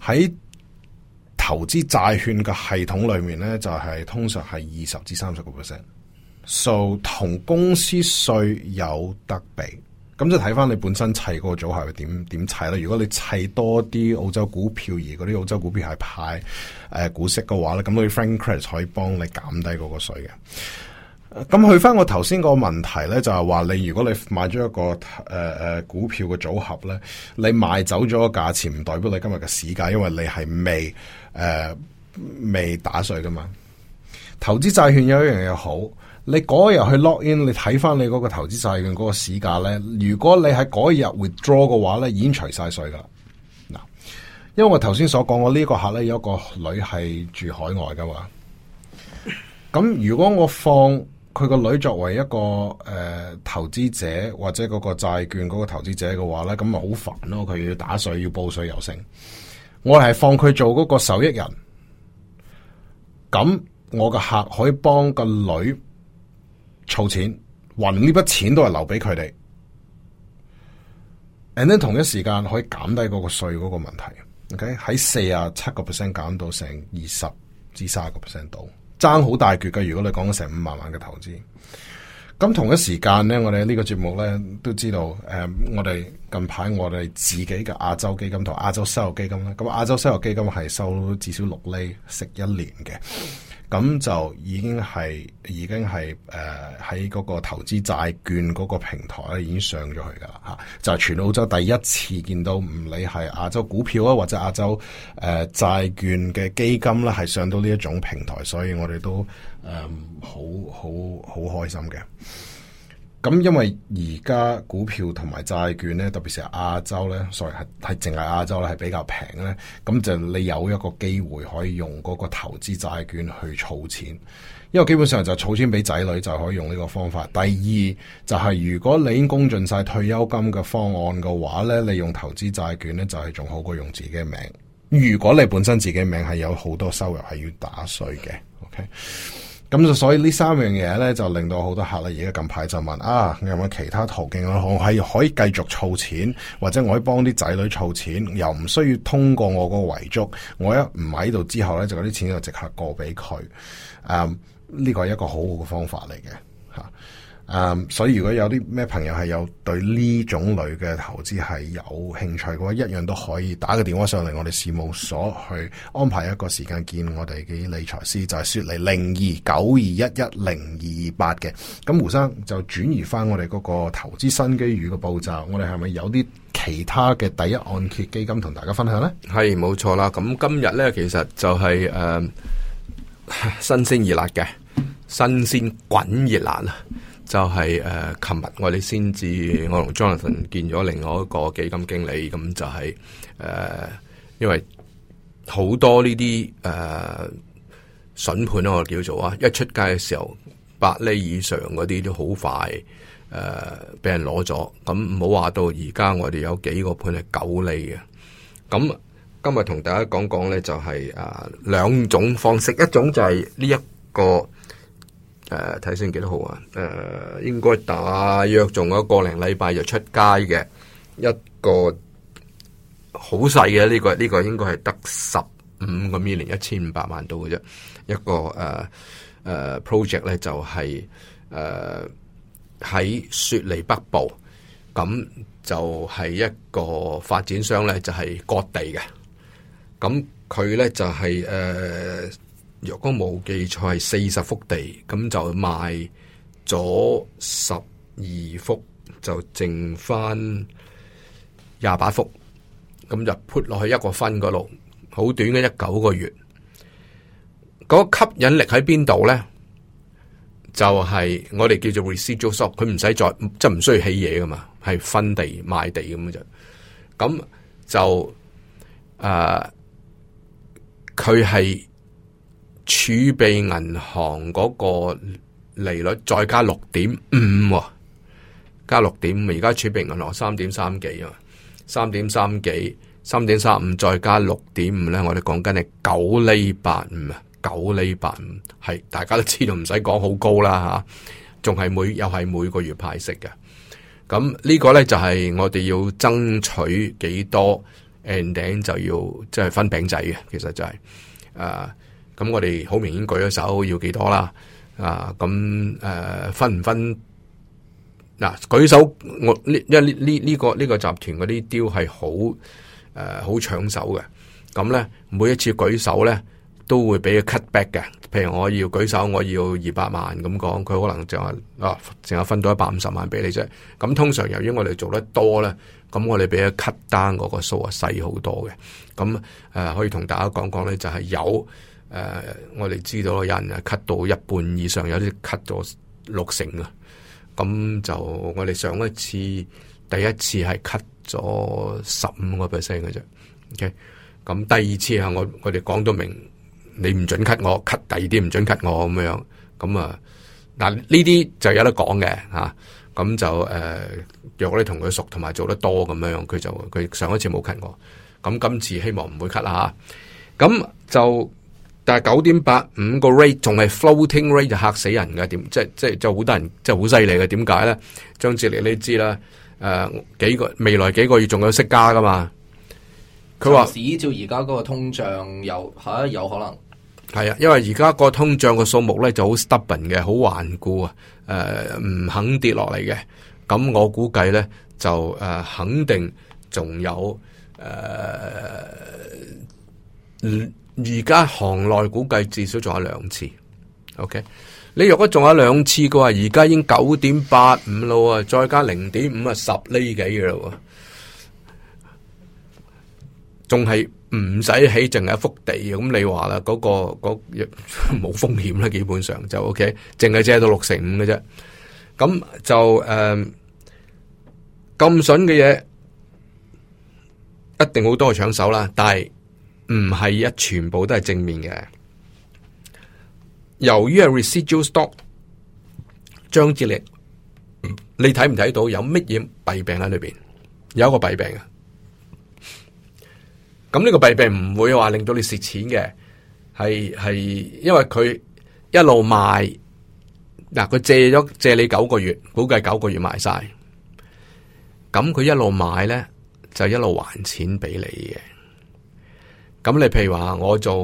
喺投資債券嘅系統裏面咧，就係、是、通常係二十至三十個 percent。稅、so, 同公司稅有得比，咁就睇翻你本身砌嗰個組合係點點砌啦。如果你砌多啲澳洲股票而嗰啲澳洲股票係派誒、呃、股息嘅話咧，咁嗰 Franking Credit 可以幫你減低嗰個稅嘅。咁去翻我頭先嗰個問題咧，就係、是、話你如果你買咗一個誒誒、呃、股票嘅組合咧，你賣走咗個價錢唔代表你今日嘅市價，因為你係未誒、呃、未打稅噶嘛。投資債券有一樣嘢好。你嗰日去 log in，你睇翻你嗰個投資債券嗰個市價咧，如果你喺嗰日 withdraw 嘅話咧，已經除晒稅噶啦。嗱，因為我頭先所講，我呢個客咧有一個女係住海外噶嘛，咁如果我放佢個女作為一個誒、呃、投資者或者嗰個債券嗰個投資者嘅話咧，咁啊好煩咯，佢要打稅要報稅又成。我係放佢做嗰個受益人，咁我嘅客可以幫個女。儲錢，還呢筆錢都係留俾佢哋，and then，同一時間可以減低嗰個稅嗰個問題，OK？喺四十七個 percent 減到成二十至三十個 percent 度，爭好大決㗎！如果你講咗成五萬萬嘅投資，咁同一時間咧，我哋呢個節目咧都知道，誒、嗯，我哋近排我哋自己嘅亞洲基金同亞洲收入基金咧，咁亞洲收入基金係收至少六厘食一年嘅。咁就已經係已經係誒喺嗰個投資債券嗰個平台咧，已經上咗去㗎喇吓，就係、是、全澳洲第一次見到，唔理係亞洲股票啊，或者亞洲誒、呃、債券嘅基金咧，係上到呢一種平台，所以我哋都誒、呃、好好好開心嘅。咁因為而家股票同埋債券呢，特別是亞洲呢，所以係係淨係亞洲呢，係比較平呢。咁就你有一個機會可以用嗰個投資債券去儲錢，因為基本上就儲錢俾仔女就可以用呢個方法。第二就係如果你已經公盡晒退休金嘅方案嘅話呢，你用投資債券呢，就係仲好過用自己嘅名。如果你本身自己嘅名係有好多收入係要打稅嘅，OK。咁就所以呢三樣嘢咧，就令到好多客咧而家近排就問啊，有冇其他途徑咧？我係可以繼續儲錢，或者我可以幫啲仔女儲錢，又唔需要通過我個遺囑，我一唔喺度之後咧，就啲錢就即刻過俾佢。誒，呢個係一個好好嘅方法嚟嘅，吓。誒，um, 所以如果有啲咩朋友係有對呢種類嘅投資係有興趣嘅話，一樣都可以打個電話上嚟我哋事務所去安排一個時間見我哋嘅理財師，就係、是、雪梨零二九二一一零二八嘅。咁胡生就轉移翻我哋嗰個投資新機遇嘅步驟，我哋係咪有啲其他嘅第一按揭基金同大家分享呢？係冇錯啦。咁今日呢，其實就係誒新鮮熱辣嘅，新鮮滾熱辣啊！就係、是、誒，琴、呃、日我哋先至，我同 Jonathan 見咗另外一個基金經理，咁就係、是、誒、呃，因為好多呢啲誒筍盤啊，我叫做啊，一出街嘅時候百厘以上嗰啲都好快誒，俾、呃、人攞咗。咁唔好話到而家，我哋有幾個盤係九厘嘅。咁今日同大家講講咧，就係、是、啊、呃、兩種方式，一種就係呢一個。誒，睇、呃、先幾多號啊？誒、呃，應該大約仲有一個零禮拜就出街嘅一個好細嘅呢個呢、這個應該係得十五個 million 一千五百萬度嘅啫，一個誒誒、呃呃、project 咧就係誒喺雪梨北部，咁就係一個發展商咧就係各地嘅，咁佢咧就係、是、誒。呃若果冇記錯係四十幅地，咁就賣咗十二幅，就剩翻廿八幅，咁就撥落去一個分個路，好短嘅一九個月。嗰、那個吸引力喺邊度咧？就係、是、我哋叫做 residual shop，佢唔使再即係唔需要起嘢噶嘛，係分地賣地咁嘅啫。咁就啊，佢係。儲備銀行嗰個利率再加六點五，加六點五，而家儲備銀行三點三幾啊，三點三幾，三點三五再加六點五咧，我哋講緊係九厘八五啊，九厘八五係大家都知道，唔使講好高啦吓，仲、啊、係每又係每個月派息嘅。咁呢個咧就係、是、我哋要爭取幾多，ending 就要即係、就是、分餅仔嘅，其實就係、是、啊。咁我哋好明顯舉一手要幾多啦、啊，啊咁誒、啊、分唔分？嗱、啊、舉手我呢，因為呢呢呢個呢、這個集團嗰啲 deal 係好誒好搶手嘅。咁咧每一次舉手咧都會俾個 cutback 嘅。譬如我要舉手，我要二百萬咁講，佢可能就話、是、啊，淨係分到一百五十萬俾你啫。咁通常由於我哋做得多咧，咁我哋俾佢 cut down 嗰個數啊細好多嘅。咁誒可以同大家講講咧，就係有。誒，uh, 我哋知道有人啊 cut 到一半以上，有啲 cut 咗六成嘅，咁就我哋上一次第一次係 cut 咗十五個 percent 嘅啫。O K，咁第二次啊，我我哋講到明，你唔准 cut 我，cut 第二啲唔准 cut 我咁樣，咁啊，嗱呢啲就有得講嘅吓，咁、啊、就誒、呃，若果你同佢熟，同埋做得多咁樣，佢就佢上一次冇 cut 我，咁今次希望唔會 cut 啦吓，咁、啊、就。但係九點八五個 rate 仲係 floating rate 就嚇死人嘅，點即係即係就好多人即係好犀利嘅，點解咧？張志力你知啦，誒，幾個未來幾個月仲有息加噶嘛？佢話市照而家嗰個通脹又吓有可能係啊，因為而家個通脹嘅數目咧就好 stubborn 嘅，好頑固啊，誒、呃、唔肯跌落嚟嘅。咁我估計咧就誒、呃、肯定仲有誒、呃嗯而家行內估計至少仲有兩次，OK？你若果仲有兩次嘅話，而家已經九點八五咯，再加零點五啊，十厘幾嘅咯，仲係唔使起淨係一幅地咁，你話啦，嗰、嗰個冇風險咧，嗰個、 基本上就 OK，淨係借到六成五嘅啫。咁就誒咁笋嘅嘢，一定好多搶手啦，但係。唔係一全部都係正面嘅，由於係 residual stock 張智力，你睇唔睇到有乜嘢弊病喺裏邊？有一個弊病嘅，啊，咁呢個弊病唔會話令到你蝕錢嘅，係係因為佢一路賣，嗱，佢借咗借你九個月，估計九個月賣晒，咁佢一路買咧就一路還錢俾你嘅。咁你譬如話我做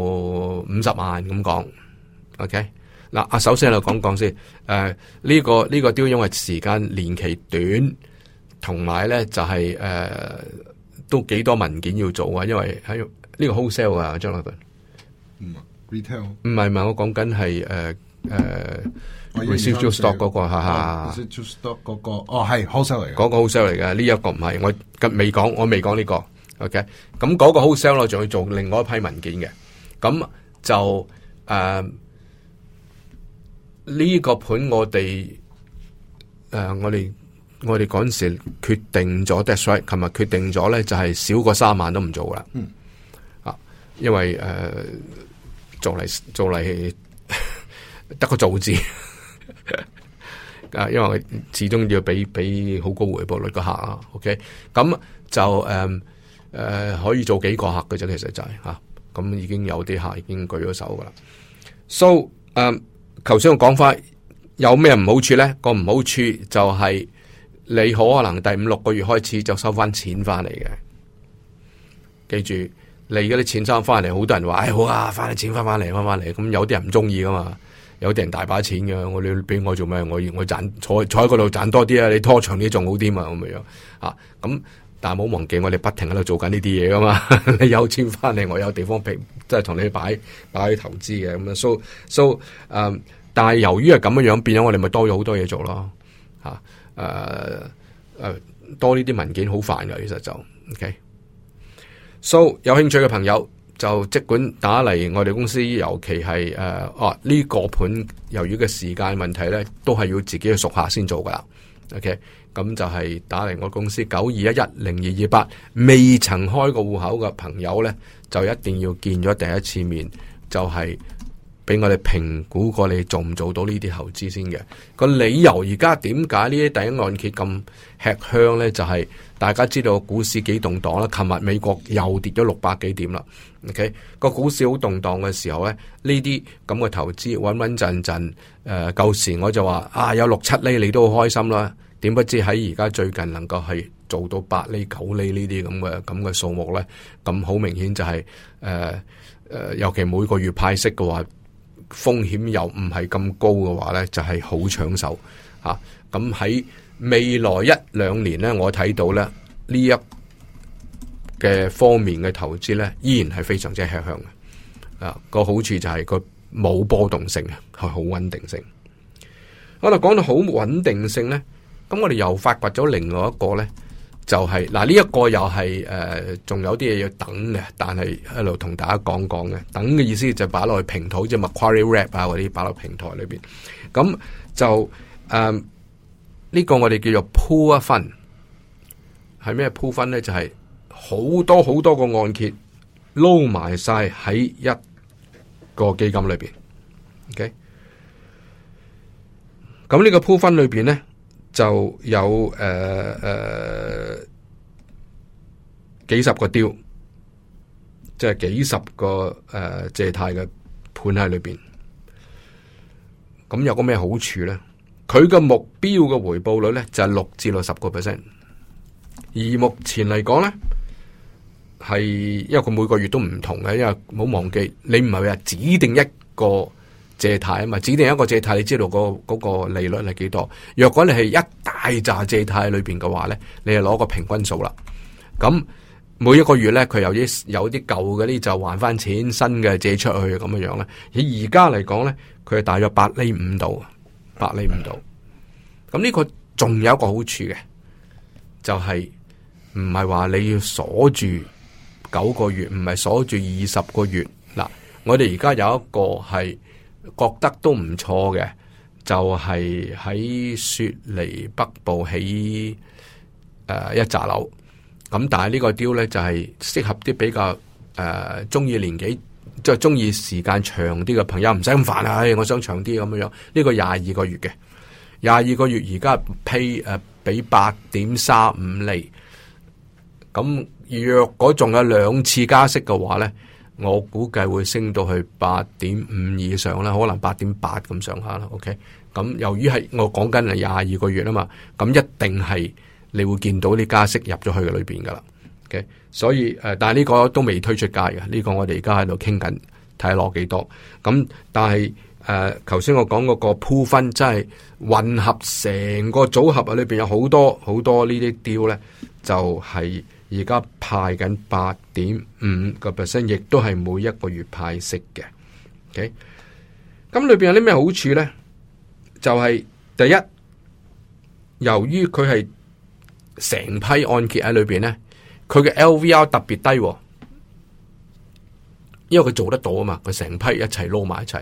五十萬咁講，OK 嗱、啊，阿首先喺度講講先，誒、呃、呢、這個呢、這個都要因為時間年期短，同埋咧就係、是、誒、呃、都幾多文件要做啊，因為喺呢、這個 wholesale 啊，張立頓，唔啊 retail 唔係唔係，我講緊係誒誒 receive to stock 嗰個吓吓，receive to stock 嗰個哦係 wholesale 嚟，嗰個 wholesale 嚟嘅呢一個唔係，我未講我未講呢個。OK，咁、嗯、嗰、那個好 sell 仲要做另外一批文件嘅，咁、嗯、就誒呢、呃這個盤我哋誒、呃、我哋我哋嗰陣時決定咗 d e s c i b e 琴日決定咗咧就係少過三萬都唔做啦。啊，因為誒、呃、做嚟做嚟得個造字，啊，因為我始終要俾俾好高回報率個客啊。OK，咁、嗯、就誒。呃誒、呃，可以做幾個客嘅啫，其實就係、是、吓，咁、啊、已經有啲客已經舉咗手噶啦。So，誒、啊，頭先我講翻有咩唔好處咧？個唔好處就係、是、你好可能第五六個月開始就收翻錢翻嚟嘅。記住，你而家啲錢收翻嚟，好多人話，哎，好啊，翻啲錢翻翻嚟，翻翻嚟。咁有啲人唔中意噶嘛，有啲人大把錢嘅，我你俾我做咩？我我賺坐坐喺嗰度賺多啲啊！你拖長啲仲好啲嘛咁嘅樣啊？咁。啊但係冇忘記，我哋不停喺度做緊呢啲嘢噶嘛。 你有錢翻嚟，我有地方俾，即係同你擺擺去投資嘅咁樣。So so，誒、uh,，但係由於係咁嘅樣，變咗我哋咪多咗好多嘢做咯。吓誒誒，多呢啲文件好煩噶，其實就 OK。So 有興趣嘅朋友就即管打嚟我哋公司，尤其係誒哦呢個盤，由於嘅時間問題咧，都係要自己去熟下先做噶啦。OK。咁就係打嚟我公司九二一一零二二八，21, 8，未曾開個戶口嘅朋友呢，就一定要見咗第一次面，就係、是、俾我哋評估過你做唔做到呢啲投資先嘅。個理由而家點解呢啲第一按揭咁吃香呢？就係、是、大家知道股市幾動盪啦，琴日美國又跌咗六百幾點啦。OK，個股市好動盪嘅時候呢，呢啲咁嘅投資穩穩陣陣。誒、呃，舊時我就話啊，有六七釐，你都好開心啦。點不知喺而家最近能夠係做到八厘九厘呢啲咁嘅咁嘅數目咧？咁好明顯就係誒誒，尤其每個月派息嘅話，風險又唔係咁高嘅話咧，就係、是、好搶手吓。咁、啊、喺未來一兩年咧，我睇到咧呢一嘅方面嘅投資咧，依然係非常之吃香嘅。啊，個好處就係個冇波動性啊，係好穩定性。我哋講到好穩定性咧。咁我哋又發掘咗另外一個咧，就係嗱呢一個又係誒，仲有啲嘢要等嘅，但係一路同大家講講嘅，等嘅意思就擺落去平台，即係 Macquarie Wrap 啊嗰啲擺落平台裏邊。咁就誒呢、呃這個我哋叫做 pool fund，係咩 pool fund 咧？就係、是、好多好多個按揭撈埋晒喺一個基金裏邊。OK，咁呢個 pool fund 裏邊咧。就有誒誒、uh, uh, 幾十個雕，即係幾十個誒、uh, 借貸嘅盤喺裏邊。咁有個咩好處咧？佢嘅目標嘅回報率咧就係、是、六至到十個 percent。而目前嚟講咧，係因為佢每個月都唔同嘅，因為唔好忘記你唔係話指定一個。借貸啊嘛，指定一個借貸，你知道個嗰個利率係幾多？若果你係一大紮借貸喺裏邊嘅話咧，你係攞個平均數啦。咁每一個月咧，佢有啲有啲舊嘅呢就還翻錢，新嘅借出去咁樣樣咧。以而家嚟講咧，佢係大約八厘五度，八厘五度。咁呢個仲有一個好處嘅，就係唔係話你要鎖住九個月，唔係鎖住二十個月。嗱，我哋而家有一個係覺得都唔錯嘅，就係、是、喺雪梨北部起誒、呃、一扎樓。咁但係呢個 deal e 咧就係、是、適合啲比較誒中意年紀即係中意時間長啲嘅朋友，唔使咁煩啊！我想長啲咁樣樣，呢個廿二個月嘅廿二個月而家 pay 誒俾八點三五厘。咁若果仲有兩次加息嘅話咧？我估計會升到去八點五以上啦，可能八點八咁上下啦。OK，咁、嗯、由於係我講緊係廿二個月啊嘛，咁、嗯、一定係你會見到啲加息入咗去嘅裏邊噶啦。OK，所以誒、呃，但係呢個都未推出價嘅，呢、這個我哋而家喺度傾緊，睇下落幾多。咁、嗯、但係誒，頭、呃、先我講嗰個部分真係混合成個組合啊，裏邊有好多好多呢啲 deal 咧，就係、是。而家派緊八點五個 percent，亦都係每一個月派息嘅。OK，咁裏邊有啲咩好處咧？就係、是、第一，由於佢係成批按揭喺裏邊咧，佢嘅 LVR 特別低，哦，因為佢做得到啊嘛，佢成批一齊撈埋一齊，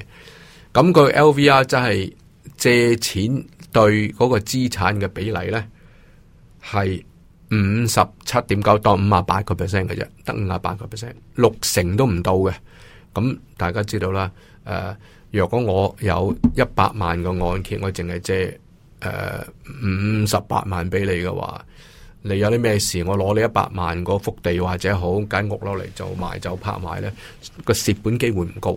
咁佢 LVR 真係借錢對嗰個資產嘅比例咧係，五十七點九，到五啊八個 percent 嘅啫，得五啊八個 percent，六成都唔到嘅。咁大家知道啦。誒，若果我有一百萬個按揭，我淨係借誒五十八萬俾你嘅話，你有啲咩事，我攞你一百萬個幅地或者好間屋攞嚟做賣走拍賣咧，個蝕本機會唔高。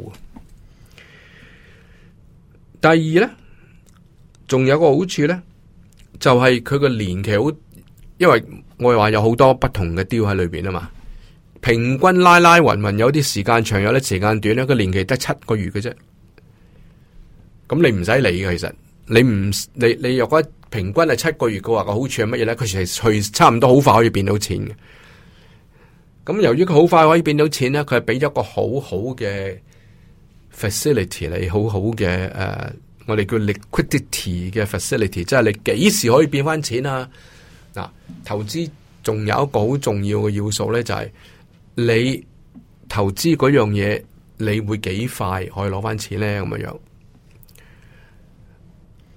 第二咧，仲有個好處咧，就係佢個年期好，因為我話有好多不同嘅雕喺裏邊啊嘛，平均拉拉勻勻，有啲時間長，有啲時間短咧。佢年期得七個月嘅啫，咁你唔使理嘅。其實你唔你你若果平均係七個月嘅話，個好處係乜嘢咧？佢係隨差唔多好快可以變到錢嘅。咁由於佢好快可以變到錢咧，佢係俾咗個好好嘅 facility，好嘅、uh, facility 你好好嘅誒，我哋叫 liquidity 嘅 facility，即係你幾時可以變翻錢啊？嗱，投資仲有一個好重要嘅要素咧，就係你投資嗰樣嘢，你會幾快可以攞翻錢咧？咁樣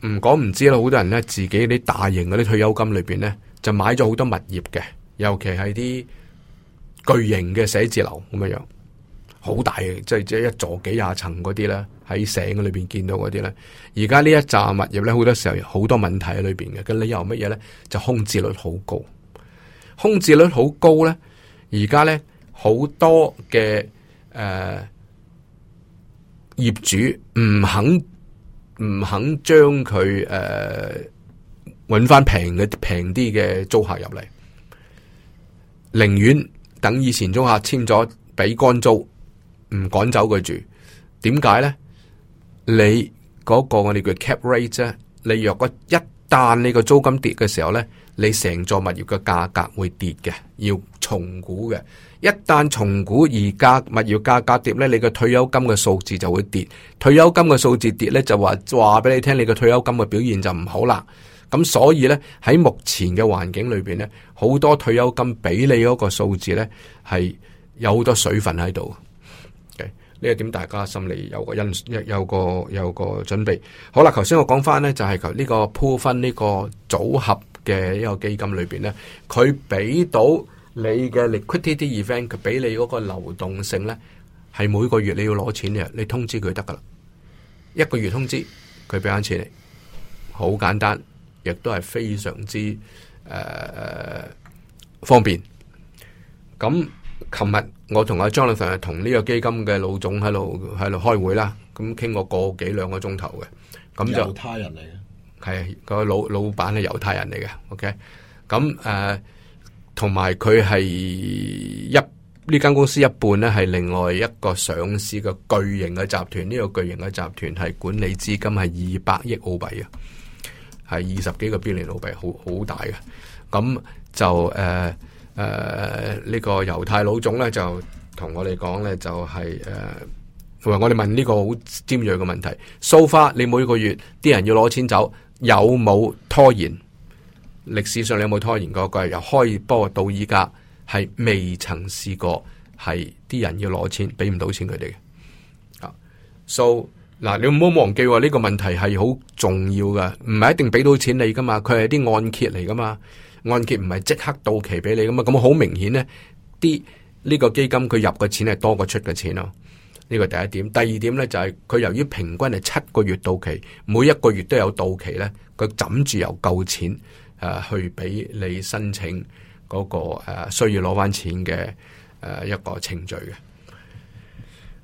樣唔講唔知啦，好多人咧自己啲大型嗰啲退休金裏邊咧，就買咗好多物業嘅，尤其係啲巨型嘅寫字樓咁樣樣，好大嘅，即係即係一座幾廿層嗰啲咧。喺醒嘅裏邊見到嗰啲咧，而家呢一紮物業咧，好多時候好多問題喺裏邊嘅。咁理由乜嘢咧？就空置率好高，空置率好高咧。而家咧好多嘅誒、呃、業主唔肯唔肯將佢誒搵翻平嘅平啲嘅租客入嚟，寧願等以前租客簽咗俾干租，唔趕走佢住。點解咧？你嗰個我哋叫 cap rate 啫，你若果一旦你個租金跌嘅時候呢，你成座物業嘅價格會跌嘅，要重估嘅。一旦重估而家物業價格跌呢，你個退休金嘅數字就會跌。退休金嘅數字跌呢，就話話俾你聽，你個退休金嘅表現就唔好啦。咁所以呢，喺目前嘅環境裏邊呢，好多退休金俾你嗰個數字呢，係有好多水分喺度。呢一點大家心裡有個因有個有個準備好。好啦，頭先我講翻呢，就係求呢個鋪分呢個組合嘅一個基金裏邊呢，佢俾到你嘅 liquidity event，佢俾你嗰個流動性呢係每個月你要攞錢嘅，你通知佢得噶啦。一個月通知佢俾翻錢你，好簡單，亦都係非常之誒、呃、方便。咁。琴日我同阿 Jonathan 係同呢個基金嘅老總喺度喺度開會啦，咁傾過個幾兩個鐘頭嘅，咁就猶太人嚟嘅，係、那個老老闆係猶太人嚟嘅，OK，咁誒，同埋佢係一呢間公司一半咧，係另外一個上市嘅巨型嘅集團，呢、這個巨型嘅集團係管理資金係二百億澳幣啊，係二十幾個 billion 澳幣，好好大嘅，咁就誒。呃誒，呢、uh, 個猶太老總咧就同我哋講咧，就係誒，同、就、埋、是 uh, 我哋問呢個好尖銳嘅問題，so far, 你每個月啲人要攞錢走，有冇拖延？歷史上你有冇拖延過？佢由開波到依家係未曾試過，係啲人要攞錢，俾唔到錢佢哋嘅。啊 so 嗱，你唔好忘記呢、這個問題係好重要噶，唔係一定俾到錢你噶嘛，佢係啲按揭嚟噶嘛。按揭唔係即刻到期俾你咁啊，咁好明顯呢，啲呢、這個基金佢入嘅錢係多過出嘅錢咯，呢個第一點。第二點呢，就係、是、佢由於平均係七個月到期，每一個月都有到期呢。佢枕住有夠錢誒、啊，去俾你申請嗰、那個誒、啊、需要攞翻錢嘅誒、啊、一個程序嘅。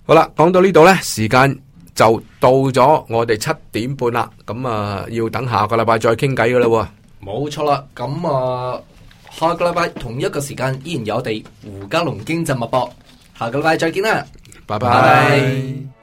好啦，講到呢度呢，時間就到咗我哋七點半啦，咁啊要等下個禮拜再傾偈噶啦。冇錯啦，咁啊，下個禮拜同一個時間依然有我哋胡嘉龍經濟脈搏，下個禮拜再見啦，拜拜。